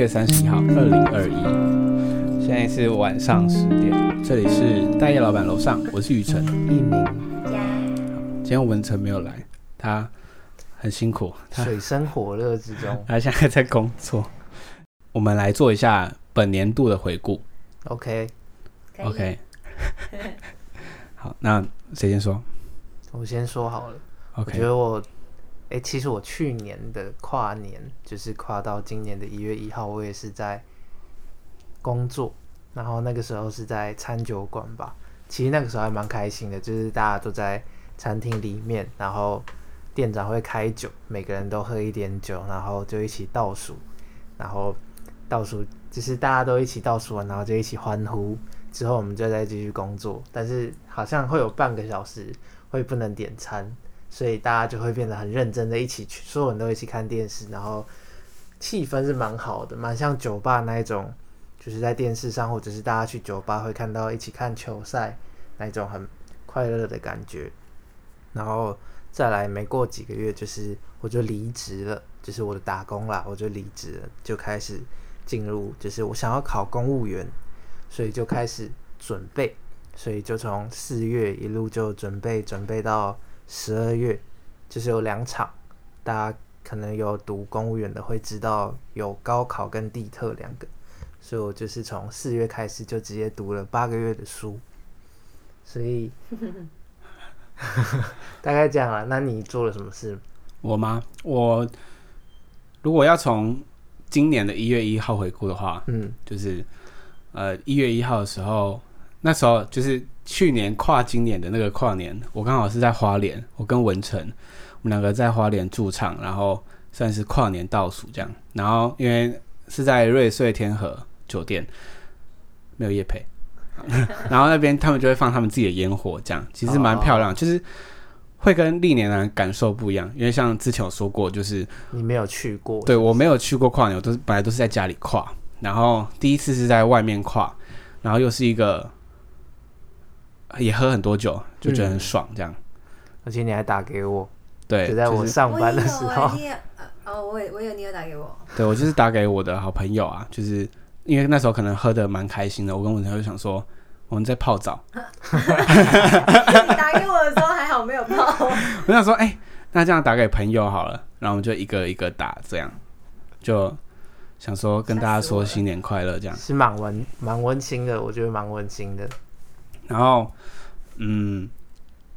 月三十一號，二零二一，現在是晚上十點，這裡是大業老板樓上，我是雨辰，藝明名今天文成沒有來，他很辛苦，他水深火熱之中，他現在還在工作。我們來做一下本年度的回顧。OK，OK，Okay. Okay. 好，那誰先說？我先說好了。OK，我覺得我。誒、欸，其實我去年的跨年就是跨到今年的一月一號，我也是在工作，然後那個時候是在餐酒館吧？其實那個時候還蠻開心的，就是大家都在餐廳裡面，然後店長會開酒，每個人都喝一點酒，然後就一起倒數，然後倒數就是大家都一起倒數完，然後就一起歡呼。之後我們就再繼續工作，但是好像會有半個小時會不能點餐。所以大家就會變得很認真的一起去，所有人都一起看電視，然後氣氛是蠻好的，蠻像酒吧那一種，就是在電視上或者是大家去酒吧會看到一起看球賽那一種很快樂的感覺。然後再來，沒過幾個月，就是我就離職了，就是我的打工啦，我就離職了，就開始進入，就是我想要考公務員，所以就開始準備，所以就從四月一路就準備準備到。十二月，就是有兩場，大家可能有讀公務員的會知道有高考跟地特兩個，所以我就是從四月開始就直接讀了八個月的書，所以 大概這樣啦。那你做了什麼事？我嗎？我如果要從今年的一月一號回顧的話，嗯，就是呃一月一號的時候。那時候就是去年跨今年的那個跨年，我剛好是在花蓮，我跟文成，我們兩個在花蓮駐唱，然後算是跨年倒數這樣。然後因為是在瑞穗天合酒店，沒有業配，然後那邊他們就會放他們自己的煙火，這樣其實蠻漂亮。就是會跟歷年來、啊、感受不一樣，因為像之前有說過，就是你沒有去過，對，我沒有去過跨年，我都本來都是在家裡跨，然後第一次是在外面跨，然後又是一個。也喝很多酒，就覺得很爽，嗯、這樣。而且你還打給我，對，就在我上班的時候，我也有，我，有，我，有，我有，你也打給我。對，我就是打給我的好朋友啊，就是因為那時候可能喝得蠻開心的，我跟我朋友想說，我們在泡澡。你打給我的時候還好沒有泡。我想說，哎、欸，那這樣打給朋友好了，然後我們就一個一個打，這樣就想說跟大家說新年快樂，這樣是蠻溫蠻溫馨的，我覺得蠻溫馨的。然後，嗯，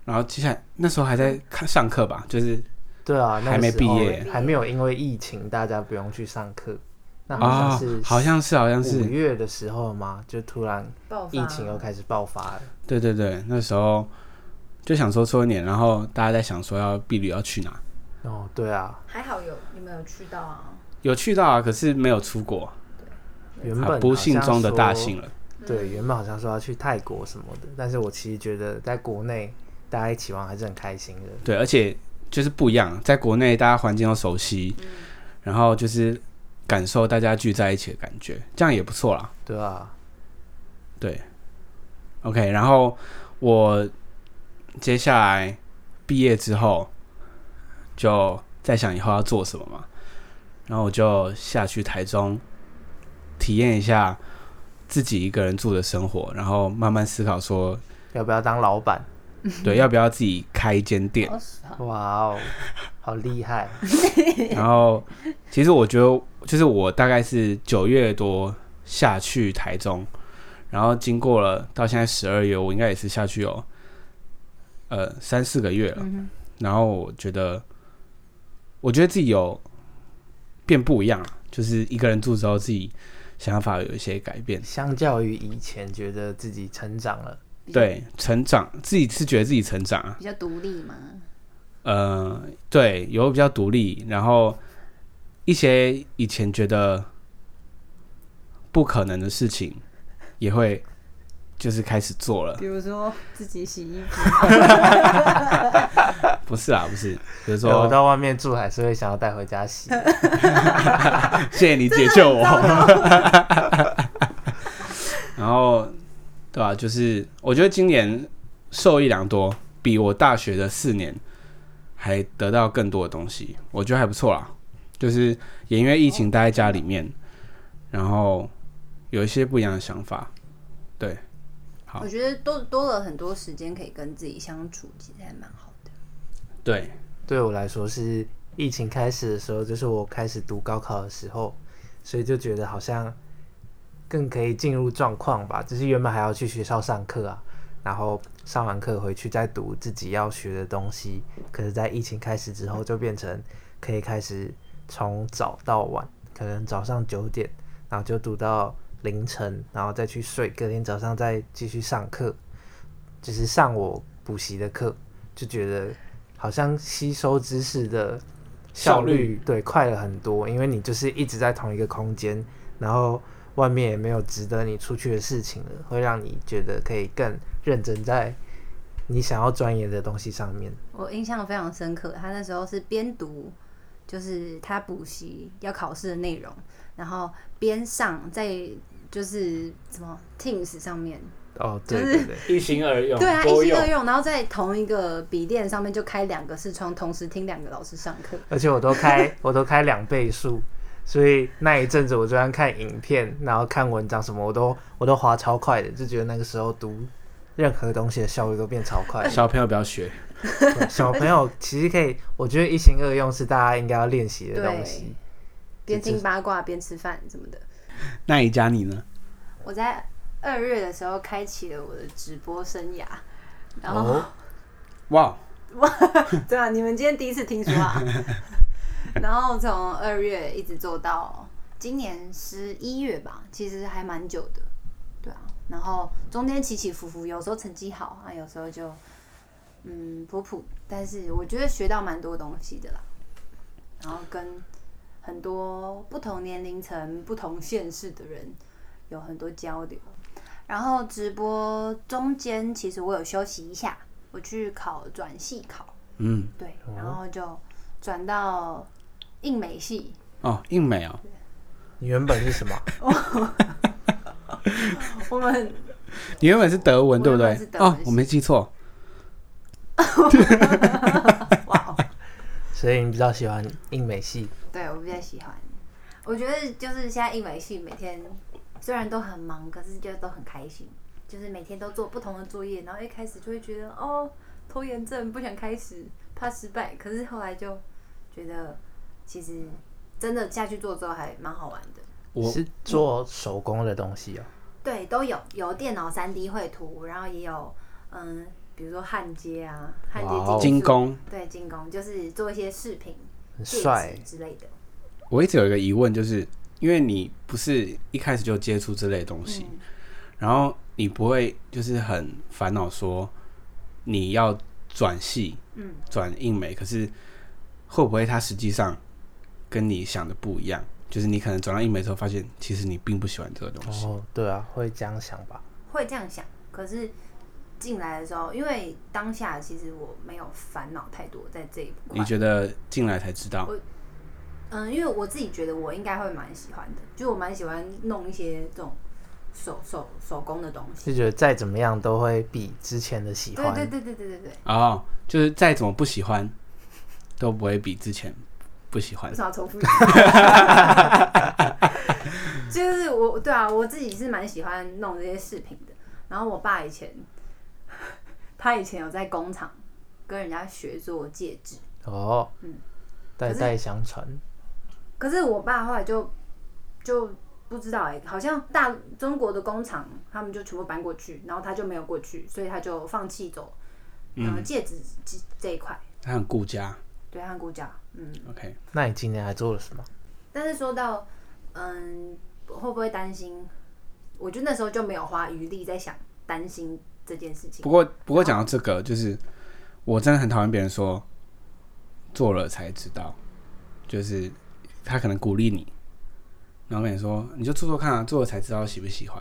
然後接下來那時候還在上上課吧，就是，對啊，還沒畢業，啊那個、還沒有，因為疫情大家不用去上課。那好像是好像是好像是五月的時候嘛，就突然疫情又開始爆發了。對對對，那時候就想說跨年，然後大家在想說要畢旅要去哪。哦，對啊，還好有你沒有去到啊？有去到啊，可是沒有出國。對，原本不幸中的大幸了。對，原本好像說要去泰國什麼的，但是我其實覺得在國內大家一起玩還是很開心的。對，而且就是不一樣，在國內大家環境都熟悉，嗯、然後就是感受大家聚在一起的感覺，這樣也不錯啦。對啊，對，OK。然後我接下來畢業之後，就在想以後要做什麼嘛，然後我就下去台中體驗一下自己一個人住的生活，然後慢慢思考說要不要當老闆，對，要不要自己開一間店？哇哦，好厲害！ 然後其實我覺得，就是我大概是九月多下去台中，然後經過了到現在十二月，我應該也是下去有呃三四個月了。然後我覺得，我覺得自己有變不一樣了，就是一個人住之後自己。想法有一些改變，相較於以前，覺得自己成長了。對，成長自己是覺得自己成長啊，比較獨立嘛。呃，對，有比較獨立，然後一些以前覺得不可能的事情，也會。就是開始做了，比如說自己洗衣服， 不是啊，不是，比如說、欸、我到外面住還是會想要帶回家洗， 謝謝你解救我。 然後，對吧、啊？就是我覺得今年受益良多，比我大學的四年還得到更多的東西，我覺得還不錯啦。就是也因為疫情待在家裡面，哦、然後有一些不一樣的想法。好我覺得多多了很多時間可以跟自己相處，其實還蠻好的。對，對我來說是疫情開始的時候，就是我開始讀高考的時候，所以就覺得好像更可以進入狀況吧。就是原本還要去學校上課啊，然後上完課回去再讀自己要學的東西。可是，在疫情開始之後，就變成可以開始從早到晚，可能早上九點，然後就讀到。凌晨，然後再去睡，隔天早上再繼續上課，就是上我補習的課，就覺得好像吸收知識的效率，效率，對快了很多，因為你就是一直在同一個空間，然後外面也沒有值得你出去的事情了，會讓你覺得可以更認真在你想要鑽研的東西上面。我印象非常深刻，他那時候是邊讀，就是他補習要考試的內容，然後邊上在。就是什麼 Teams 上面哦，對，對，對，就是一心二用，對啊，用一心二用，然後在同一個筆電上面就開兩個視窗，同時聽兩個老師上課。而且我都開，我都開兩倍速， 所以那一陣子我居然看影片，然後看文章什麼，我都我都滑超快的，就覺得那個時候讀任何東西的效率都變超快。小朋友不要學， 小朋友其實可以，我覺得一心二用是大家應該要練習的東西。對就邊聽八卦邊吃飯什麼的。那一家你呢？我在二月的時候開啟了我的直播生涯，然後，哇哇，對啊，你們今天第一次聽說啊， 然後從二月一直做到今年十一月吧，其實還蠻久的，對啊，然後中間起起伏伏，有時候成績好啊，有時候就嗯普普，但是我覺得學到蠻多東西的啦，然後跟。很多不同年齡層、不同縣市的人有很多交流。然後直播中間，其實我有休息一下，我去考轉系考，嗯，對，然後就轉到英美系。哦，英美啊、哦，對你原本是什麼？ 我們，你原本是德文對不對？哦，我沒記錯。 所以你比較喜歡印美系？對，我比較喜歡。我覺得就是現在印美系每天雖然都很忙，可是就都很開心。就是每天都做不同的作業，然後一開始就會覺得哦拖延症，不想開始，怕失敗。可是後來就覺得其實真的下去做之後還蠻好玩的。我是做手工的東西哦、喔嗯，對，都有，有電腦 3D 繪圖，然後也有嗯。比如說焊接啊，焊接金工 Wow. 對，金工就是做一些飾品、很帥之類的。我一直有一個疑問，就是因為你不是一開始就接觸這類東西，嗯、然後你不會就是很煩惱說你要轉系，嗯，轉應美，可是會不會它實際上跟你想的不一樣？就是你可能轉到應美之後，發現其實你並不喜歡這個東西。哦、對啊，會這樣想吧？會這樣想，可是。進來的時候，因為當下其實我沒有煩惱太多，在這一塊，你覺得進來才知道？我，嗯、呃，因為我自己覺得我應該會蠻喜歡的，就我蠻喜歡弄一些這種手手手工的東西。就覺得再怎麼樣都會比之前的喜歡，對對對對對對哦，oh, 就是再怎麼不喜歡，都不會比之前不喜歡。重複。就是我，對啊，我自己是蠻喜歡弄這些飾品的。然後我爸以前。他以前有在工廠跟人家學做戒指哦，嗯，代代相傳。可是我爸後來就就不知道哎、欸，好像大中國的工廠他們就全部搬過去，然後他就沒有過去，所以他就放棄走然後，戒指這這一塊。他很顧家，對，很顧家。嗯，OK，那你今年還做了什麼？但是說到嗯，會不會擔心？我就那時候就沒有花餘力在想擔心。這件事情。不過，不過講到這個，好就是我真的很討厭別人說做了才知道，就是他可能鼓勵你，然後跟你說你就做做看啊，做了才知道喜不喜歡。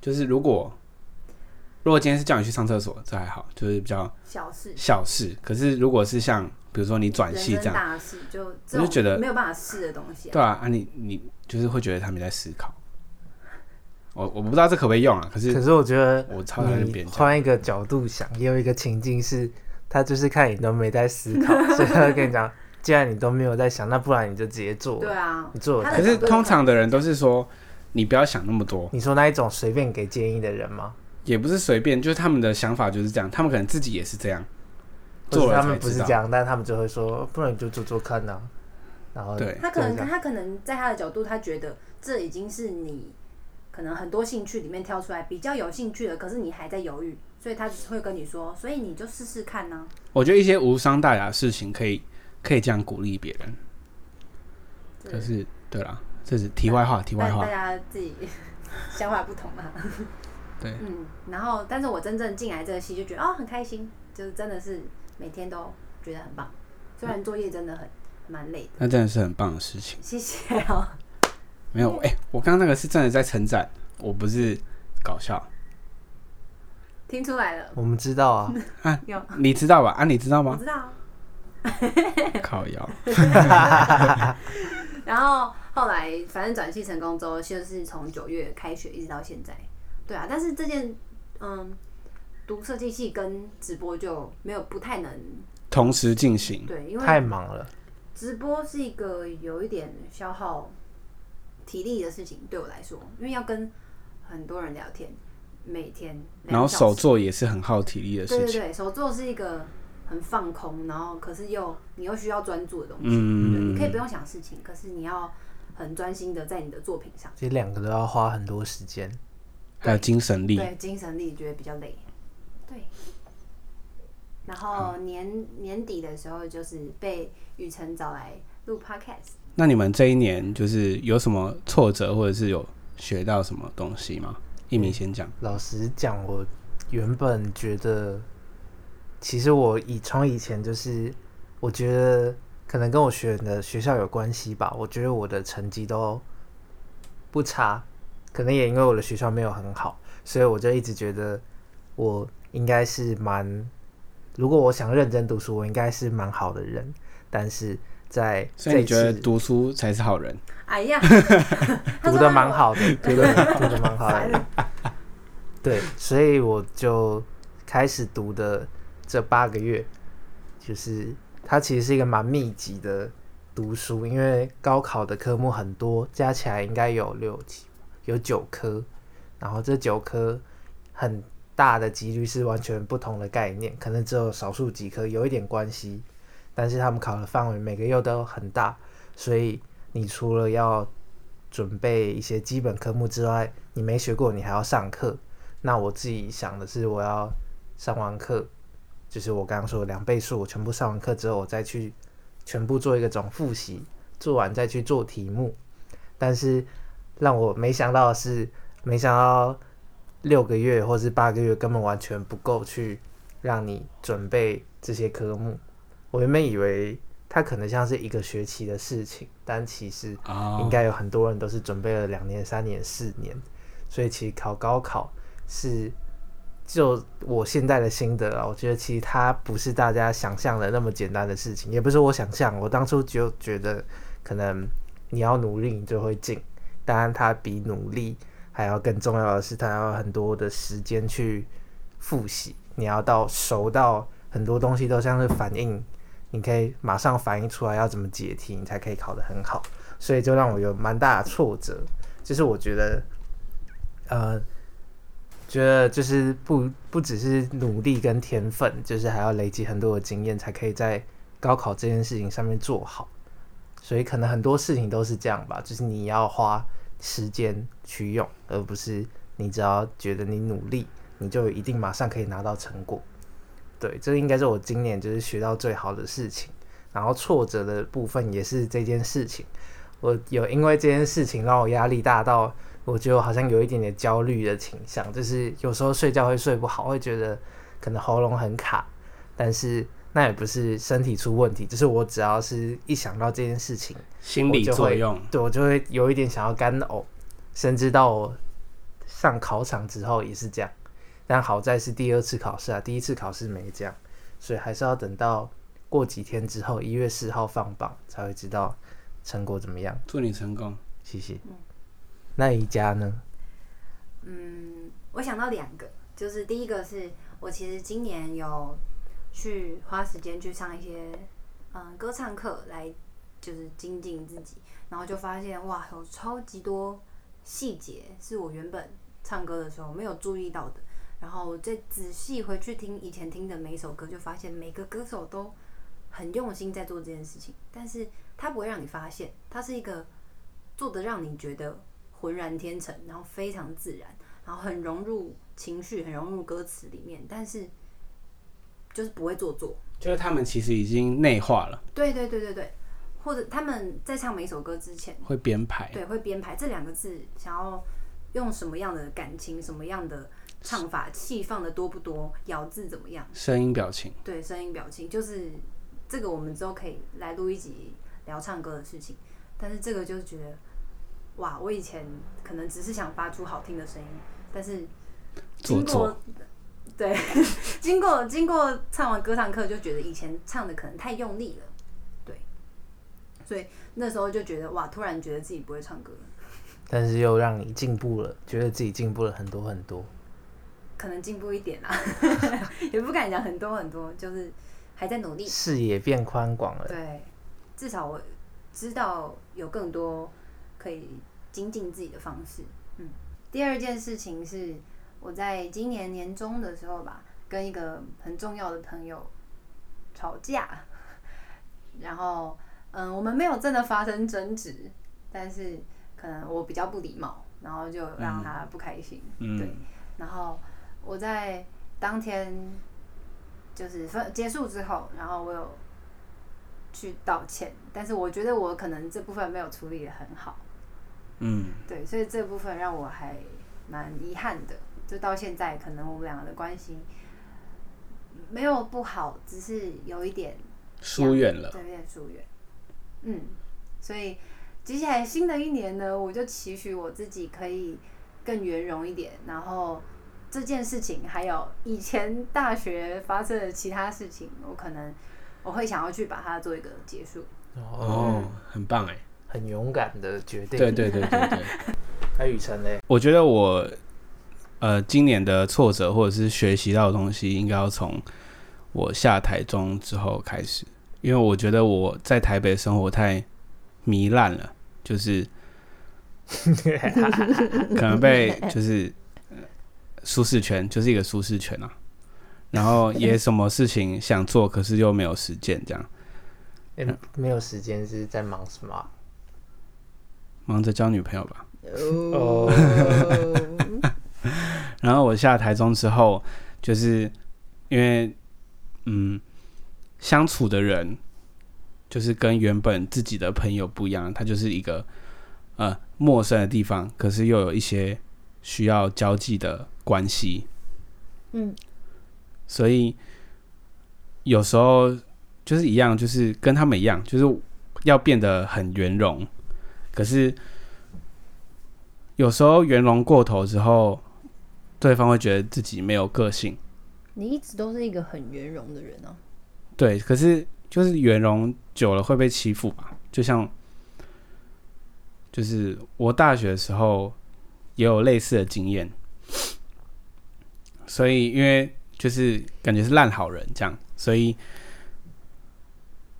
就是如果如果今天是叫你去上廁所，這還好，就是比較小事小事。可是如果是像比如說你轉系這樣大事，就你就覺得沒有辦法試的東西啊。對啊，啊你你就是會覺得他們在思考。我我不知道這可不可以用啊，可是可是我覺得，你換一個角度想，也有一個情境是，他就是看你都沒在思考， 所以他跟你講，既然你都沒有在想，那不然你就直接做。對啊，你做。可是通常的人都是說，你不要想那麼多。你說那一種隨便給建議的人嗎？也不是隨便，就是他們的想法就是這樣，他們可能自己也是這樣， 做了他們不是這樣，但他們就會說，不然你就做做看呢啊。然後，對。他可能他可能在他的角度，他覺得這已經是你。可能很多興趣裡面挑出來比較有興趣的，可是你還在猶豫，所以他只會跟你說，所以你就試試看呢、啊。我覺得一些無傷大雅的事情，可以可以這樣鼓勵別人。就、嗯、是對啦，這是題外話。但題外話，大家自己想法不同嘛、啊。 對，嗯，然後，但是我真正進來這個戲，就覺得哦，很開心，就是真的是每天都覺得很棒。雖然作業真的很蠻、嗯、累的，那真的是很棒的事情。謝謝哦、喔。沒有，哎、欸，我剛剛那個是真的在成長，我不是搞笑。聽出來了，我們知道啊，啊有你知道吧？啊，你知道嗎？我知道，靠腰。然後後來反正轉系成功之後，就是從九月開學一直到現在，對啊。但是這件嗯，讀設計系跟直播就沒有不太能同時進行，對，因為太忙了。直播是一個有一點消耗，體力的事情對我來說，因為要跟很多人聊天，每天。每然後手作也是很耗體力的事情。對對對，手作是一個很放空，然後可是又你又需要專注的東西。嗯嗯嗯。對，你可以不用想事情，可是你要很專心的在你的作品上。其實兩個都要花很多時間，對還有精神力。對，精神力覺得比較累。對。然後年、嗯、年底的時候，就是被雨晨找來錄 Podcast。那你們這一年就是有什麼挫折，或者是有學到什麼東西嗎？一鳴先講。嗯，老實講，我原本覺得，其實我以從以前就是，我覺得可能跟我選的學校有關係吧。我覺得我的成績都不差，可能也因為我的學校沒有很好，所以我就一直覺得我應該是蠻，如果我想認真讀書，我應該是蠻好的人，但是。在，所以你覺得讀書才是好人？哎呀，讀的蠻好的， 讀的蠻好的。 對，所以我就開始讀的這八個月，就是它其實是一個蠻密集的讀書，因為高考的科目很多，加起來應該有六七，有九科，然後這九科很大的幾率是完全不同的概念，可能只有少數幾科有一點關係。但是他們考的範圍每個月都很大，所以你除了要準備一些基本科目之外，你沒學過，你還要上課。那我自己想的是，我要上完課，就是我剛剛說的兩倍數，我全部上完課之後，我再去全部做一個總複習，做完再去做題目。但是讓我沒想到的是，沒想到六個月或是八個月根本完全不夠去讓你準備這些科目。我原本以為它可能像是一個學期的事情，但其實應該有很多人都是準備了兩年、三年、四年，所以其實考高考是就我現在的心得啊，我覺得其實它不是大家想象的那麼簡單的事情，也不是我想象我當初就覺得可能你要努力你就會進，當然它比努力還要更重要的是，它要有很多的時間去複習，你要到熟到很多東西都像是反應。你可以馬上反應出來要怎麼解題，你才可以考得很好，所以就讓我有蠻大的挫折。就是我覺得，呃，覺得就是不不只是努力跟天分，就是還要累積很多的經驗，才可以在高考這件事情上面做好。所以可能很多事情都是這樣吧，就是你要花時間去用，而不是你只要覺得你努力，你就一定馬上可以拿到成果。對，這應該是我今年就是學到最好的事情。然後挫折的部分也是這件事情，我有因為這件事情讓我壓力大到，我覺得我好像有一點點焦慮的傾向，就是有時候睡覺會睡不好，會覺得可能喉嚨很卡。但是那也不是身體出問題，就是我只要是一想到這件事情，心理作用，我對我就會有一點想要乾嘔，甚至到我上考場之後也是這樣。但好在是第二次考試啊，第一次考試沒這樣，所以還是要等到過幾天之後，一月四號放榜才會知道成果怎麼樣。祝你成功，謝謝。嗯，那一家呢？嗯，我想到兩個，就是第一個是我其實今年有去花時間去上一些嗯歌唱課來，就是精進自己，然後就發現哇，有超級多細節是我原本唱歌的時候沒有注意到的。然後再仔細回去聽以前聽的每一首歌，就發現每個歌手都很用心在做這件事情，但是他不會讓你發現，他是一個做得讓你覺得渾然天成，然後非常自然，然後很融入情緒，很融入歌詞裡面，但是就是不會做作，就是他們其實已經內化了，對對對對對，或者他們在唱每一首歌之前會編排，對，會編排這兩個字，想要用什麼樣的感情，什麼樣的。唱法氣放的多不多？咬字怎麼樣？聲音表情。對，聲音表情，就是這個我們之後可以來錄一集聊唱歌的事情。但是這個就覺得，哇，我以前可能只是想發出好聽的聲音，但是經過做作對經過經過唱完歌唱課，就覺得以前唱的可能太用力了，對，所以那時候就覺得哇，突然覺得自己不會唱歌了，但是又讓你進步了，覺得自己進步了很多很多。可能進步一點啊， 也不敢講很多很多，就是還在努力。視野變寬廣了。對，至少我知道有更多可以精進自己的方式。嗯，第二件事情是我在今年年終的時候吧，跟一個很重要的朋友吵架，然後嗯，我們沒有真的發生爭執，但是可能我比較不禮貌，然後就讓他不開心。嗯，對，嗯、然後。我在當天就是分結束之後，然後我有去道歉，但是我覺得我可能這部分沒有處理得很好。嗯，對，所以這部分讓我還蠻遺憾的。就到現在，可能我們兩個的關係沒有不好，只是有一點疏遠了，對，有點疏遠。嗯，所以接下來新的一年呢，我就期許我自己可以更圓融一點，然後。這件事情，還有以前大學發生的其他事情，我可能我會想要去把它做一個結束。哦、嗯，很棒哎，很勇敢的決定。對對對對對。還有 雨辰哎，我覺得我呃今年的挫折或者是學習到的東西，應該要從我下台中之後開始，因為我覺得我在台北生活太糜爛了，就是，可能被就是。舒適圈就是一個舒適圈啊，然後也什麼事情想做， 可是又沒有時間這樣。欸，沒有時間是在忙什麼啊？忙着交女朋友吧。哦、oh。 然後我下台中之後，就是因為嗯相處的人就是跟原本自己的朋友不一樣，他就是一個呃陌生的地方，可是又有一些需要交際的關係，嗯，所以有時候就是一樣，就是跟他們一樣，就是要變得很圓融。可是有時候圓融過頭之後，對方會覺得自己沒有個性。你一直都是一個很圓融的人啊。對，可是就是圓融久了會被欺負吧？就像，就是我大學的時候也有類似的經驗。所以，因為就是感覺是爛好人這樣，所以，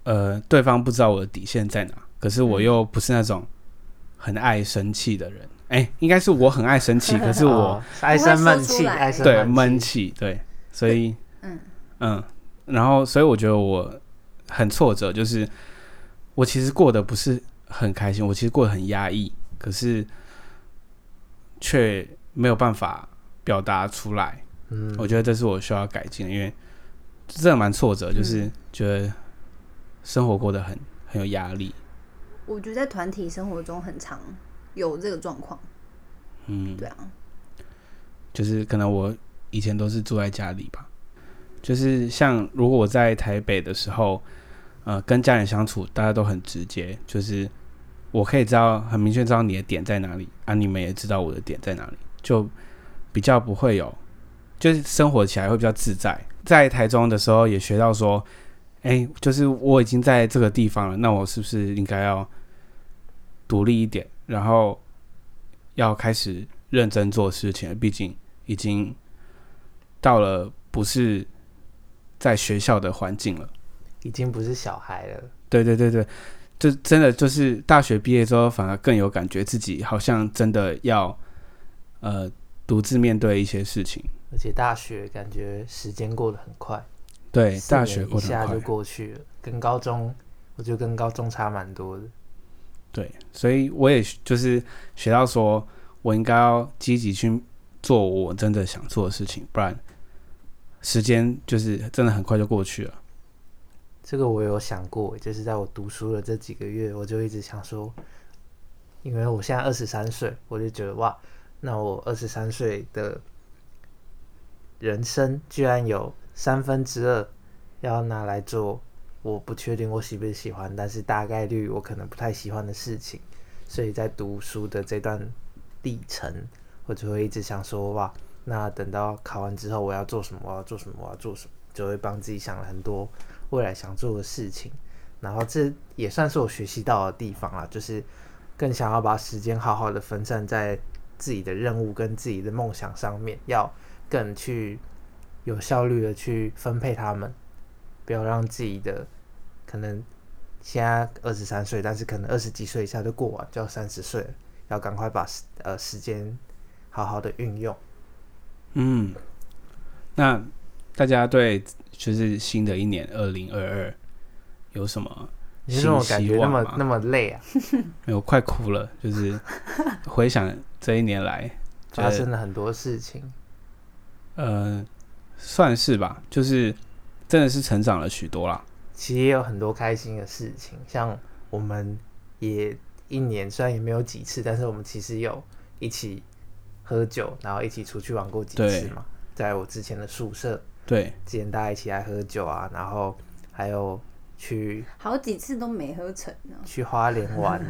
呃，對方不知道我的底線在哪，可是我又不是那種很愛生氣的人。哎、欸，應該是我很愛生氣，可是我、哦、愛生悶氣、愛生悶氣，對，悶氣，對。所以，嗯嗯，然後，所以我覺得我很挫折，就是我其實過得不是很開心，我其實過得很壓抑，可是卻沒有辦法表達出來。我覺得這是我需要改進的，因為這蠻挫折，就是覺得生活過得很很有壓力。我覺得在團體生活中很常有這個狀況。嗯，對啊，就是可能我以前都是住在家裡吧，就是像如果我在台北的時候，呃，跟家人相處大家都很直接，就是我可以知道很明確知道你的點在哪裡啊，你們也知道我的點在哪裡，就比較不會有。就是生活起來會比較自在。在台中的時候也學到說，哎、欸，就是我已經在這個地方了，那我是不是應該要獨立一點，然後要開始認真做事情？畢竟已經到了不是在學校的環境了，已經不是小孩了。對對對對，就真的就是大學畢業之後，反而更有感覺自己好像真的要呃獨自面對一些事情。而且大學感覺時間過得很快，對，大學一下就過去了，嗯、跟高中，我覺得跟高中差蠻多的，對，所以我也就是學到說，我應該要積極去做我真的想做的事情，不然時間就是真的很快就過去了。這個我有想過，就是在我讀書的這幾個月，我就一直想說，因為我現在二十三歲，我就覺得哇，那我二十三歲的。人生居然有三分之二要拿來做，我不確定我喜不喜歡，但是大概率我可能不太喜歡的事情。所以在讀書的這段歷程，我就會一直想說哇，那等到考完之後我要做什麼？我要做什麼？我要做什麼？我要做什麼？就會幫自己想了很多未來想做的事情。然後這也算是我學習到的地方了，就是更想要把時間好好的分散在自己的任務跟自己的夢想上面，要。更去有效率的去分配他們，不要讓自己的可能現在二十三歲，但是可能二十幾歲以下就過完，就要三十歲了，要趕快把呃時間好好的運用。嗯，那大家對就是新的一年二零二二有什麼新希望嗎？你是那麼感覺，那麼那麼累啊， 沒有，我快哭了。就是回想這一年來 發生了很多事情。呃，算是吧，就是真的是成長了許多啦。其實也有很多開心的事情，像我們也一年雖然也沒有幾次，但是我們其實有一起喝酒，然後一起出去玩過幾次嘛，對在我之前的宿舍。對，之前大家一起來喝酒啊，然後還有去，去好幾次都沒喝成，哦，去花蓮玩。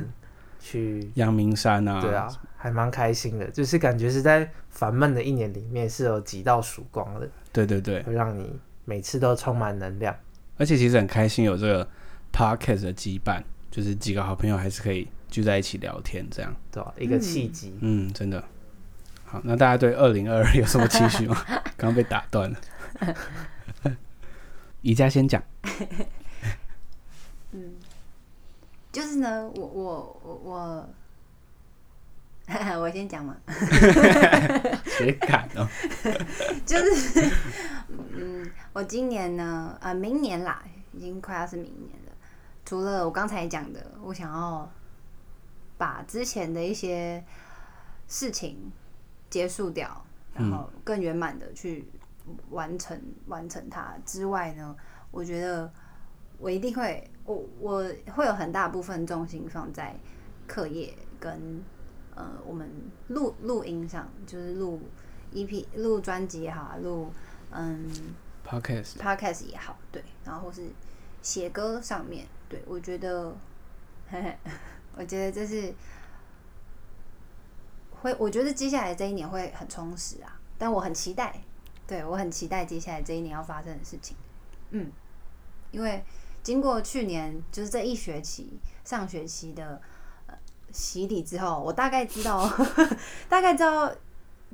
去陽明山啊！對啊，還蠻開心的，就是感覺是在煩悶的一年裡面是有幾道曙光的。對對對，會讓你每次都充滿能量。而且其實很開心有這個 podcast 的羈絆，就是幾個好朋友還是可以聚在一起聊天這樣。對、啊，一個契機。嗯，嗯，真的。好，那大家對二零二二有什麼期許嗎？剛剛 被打斷了。 宜家先講。嗯 就是呢，我我我我，我先講嘛。誰敢呢？就是，嗯，我今年呢，呃、啊，明年啦，已經快要是明年了。除了我剛才講的，我想要把之前的一些事情結束掉，然後更圓滿的去完成、嗯、完成它之外呢，我覺得我一定會。我我會有很大部分重心放在課業跟呃我們錄錄音上，就是錄 EP、錄專輯也好、啊，錄嗯 Podcast Podcast 也好，對，然後是寫歌上面，對，我覺得 我覺得這是會，我覺得接下來這一年會很充實啊，但我很期待，對，我很期待接下來這一年要發生的事情，嗯，因為。經過去年，就是這一學期上學期的洗禮、呃、之後，我大概知道，呵呵大概知道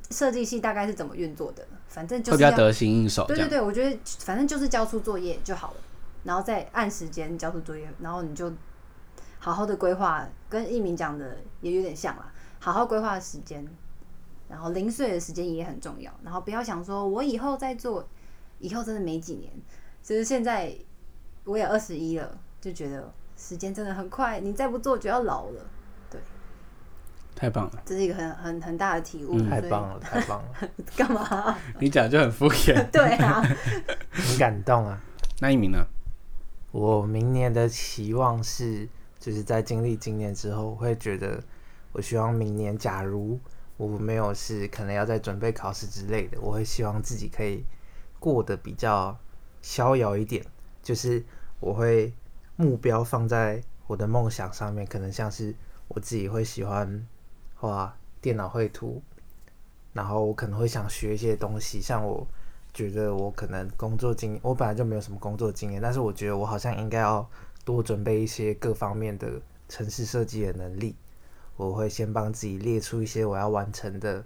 設計系大概是怎麼運作的。反正就是比較得心應手。對對對，樣我覺得反正就是交出作業就好了，然後再按時間交出作業，然後你就好好的規劃，跟一鳴講的也有點像啦。好好規劃時間，然後零碎的時間也很重要。然後不要想說我以後再做，以後真的沒幾年，其實現在。我也二十一了，就覺得時間真的很快，你再不做就要老了。對，太棒了，這是一個很很很大的體悟。嗯、以太棒了，太棒了。幹 嘛、啊？你講就很敷衍。 對啊，很感動啊。那一名呢？我明年的期望是，就是在經歷今年之後，我會覺得我希望明年，假如我沒有事，可能要再準備考試之類的，我會希望自己可以過得比較逍遙一點，就是。我會目標放在我的夢想上面，可能像是我自己會喜歡畫電腦繪圖，然後我可能會想學一些東西，像我覺得我可能工作經驗，我本來就沒有什麼工作經驗，但是我覺得我好像應該要多準備一些各方面的程式設計的能力。我會先幫自己列出一些我要完成的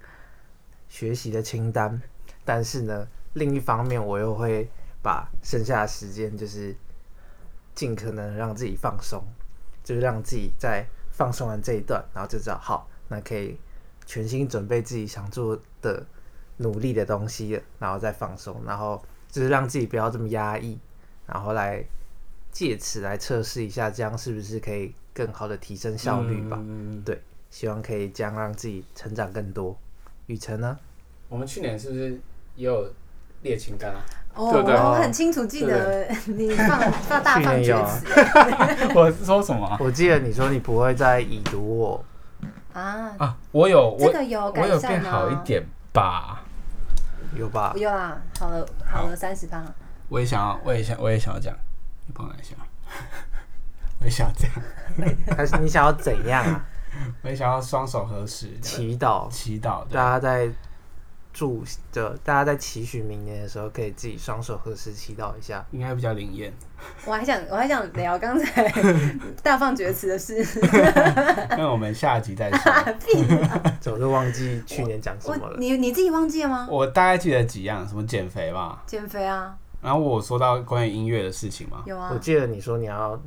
學習的清單，但是呢，另一方面我又會把剩下的時間就是。盡可能讓自己放鬆，就是讓自己在放鬆完這一段，然後就知道好，那可以全心準備自己想做的努力的東西，然後再放鬆，然後就是讓自己不要這麼壓抑，然後來借此來測試一下，這樣是不是可以更好的提升效率吧？嗯、對，希望可以這樣讓自己成長更多。雨晨呢？我們去年是不是也有列清單啊？我、oh, 我很清楚記得你放放大放巨我說什麼、啊？ 我記得你說你不會再已讀我啊，啊我有有，我有變好一點吧？有吧？有啊！好了，好了，三十八。我也想要，我也想，我也想要講，你幫我來一下。我也想要這樣，還 是你想要怎樣啊？我也想要雙手合十，祈禱禱，祈禱，大家在。祝大家在期許明年的時候，可以自己雙手合十祈禱一下，應該比較靈驗。我還想我還想聊剛才大放厥詞的事，那 我們下集再說。總是、啊、忘記去年講什麼了，你你自己忘記了嗎？我大概記得幾樣，什麼減肥吧，減肥啊。然後我說到關於音樂的事情嘛，有啊。我記得你說你要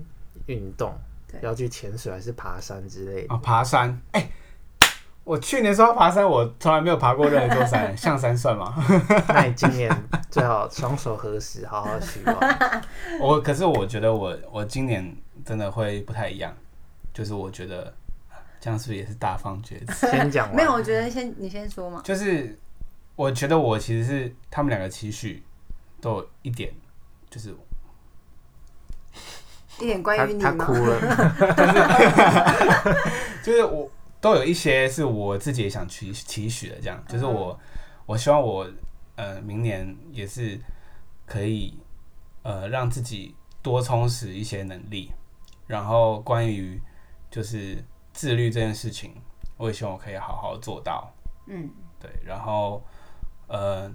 運動，對要去潛水還是爬山之類的啊？爬山，欸我去年說要爬山，我從來沒有爬過任何座山，象 山算嗎？ 那你今年最好雙手合十，好好許願。 我可是我覺得我我今年真的會不太一樣，就是我覺得這樣是不是也是大放厥詞？先講完。沒有，我覺得先你先說嘛。就是我覺得我其實是他們兩個情緒都有一點，就是 一點關於你，他，他哭了。 就是我。都有一些是我自己也想期期許的，這樣就是我，我希望我呃明年也是可以呃讓自己多充實一些能力，然後關於就是自律這件事情，我也希望我可以好好做到，嗯，對，然後呃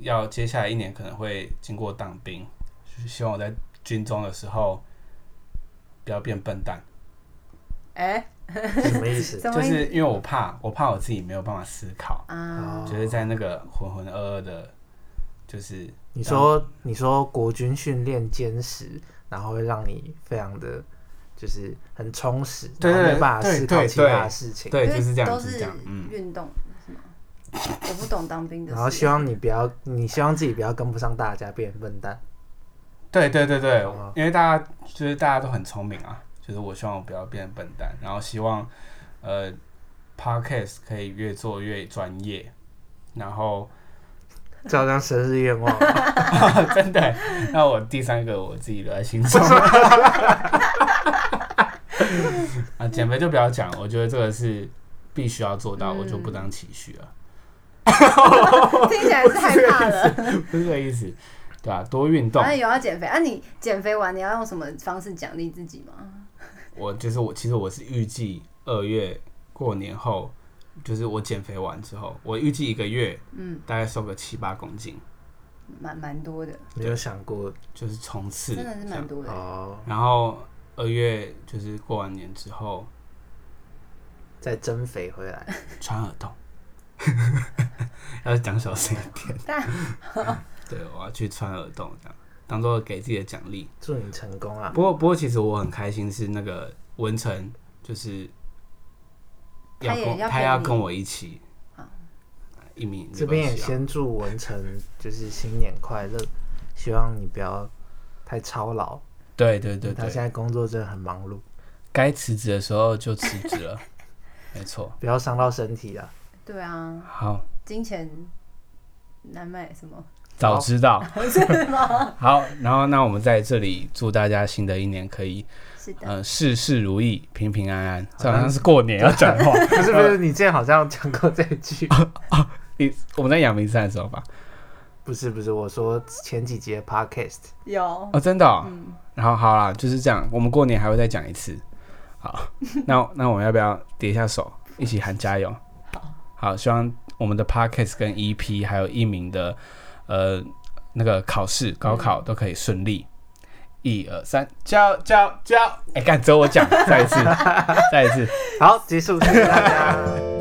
要接下來一年可能會經過當兵，就是希望我在軍中的時候不要變笨蛋，哎、欸。什麼意思？ 什麼意思？就是因為我怕，我怕我自己沒有辦法思考啊，就是、嗯、在那個渾渾噩噩的，就是你說你說國軍訓練堅實，然後會讓你非常的，就是很充實，對，然後沒有辦法思考其他事情，對，對，對，對，對，就是這樣子講，運動是嗎？我不懂當兵的， 然後希望你不要，你希望自己不要跟不上大家，變笨蛋。對對對對，哦、因為大家就是大家都很聰明啊。就是我希望我不要變笨蛋，然後希望，呃，Podcast 可以越做越專業，然後，照張生日願望、 哦，真的，那我第三個我自己都在心中。 啊，減肥就不要講，我覺得這個是必須要做到，嗯、我就不當期許了。 聽起來是害怕了，不是這意，意思，對吧、啊？多運動，有要減肥那、啊、你減肥完你要用什麼方式獎勵自己嗎？我就是我，其實我是預計二月過年後，就是我減肥完之後，我預計一個月，嗯，大概瘦個七八公斤，蠻蠻、嗯、多的。沒有想過就是衝刺，真的是蠻多的哦。然後二月就是過完年之後再增肥回來，穿耳洞， 要講小聲一點。 對，我要去穿耳洞這樣。當做給自己的獎勵，祝你成功啊！不過，不過，其實我很開心，是那個文成，就是要，跟他，要他要跟我一起啊。一鳴、啊、這邊也先祝文成就是新年快樂， 希望你不要太操勞。對，對對對，他現在工作真的很忙碌，該辭職的時候就辭職了， 沒錯錯，不要傷到身體了。對啊，好，金錢難買什麼？早知道，好，然後那我們在這裡祝大家新的一年可以是事事如意，平平安安。好像是過年要講話，不是不是，你之前好像講過這句。你，我們在陽明山的時候吧？不是不是，我說前幾集的 podcast 有哦，真的。然後好啦，就是這樣。我們過年還會再講一次。好，那那我們要不要疊一下手，一起喊加油？好，希望我們的 podcast 跟 EP 還有一名的，呃，那個考試，高考都可以順利。一二三，叫叫叫！哎、欸，趕走我講， 再一次，再一次，好，結束，謝謝大家。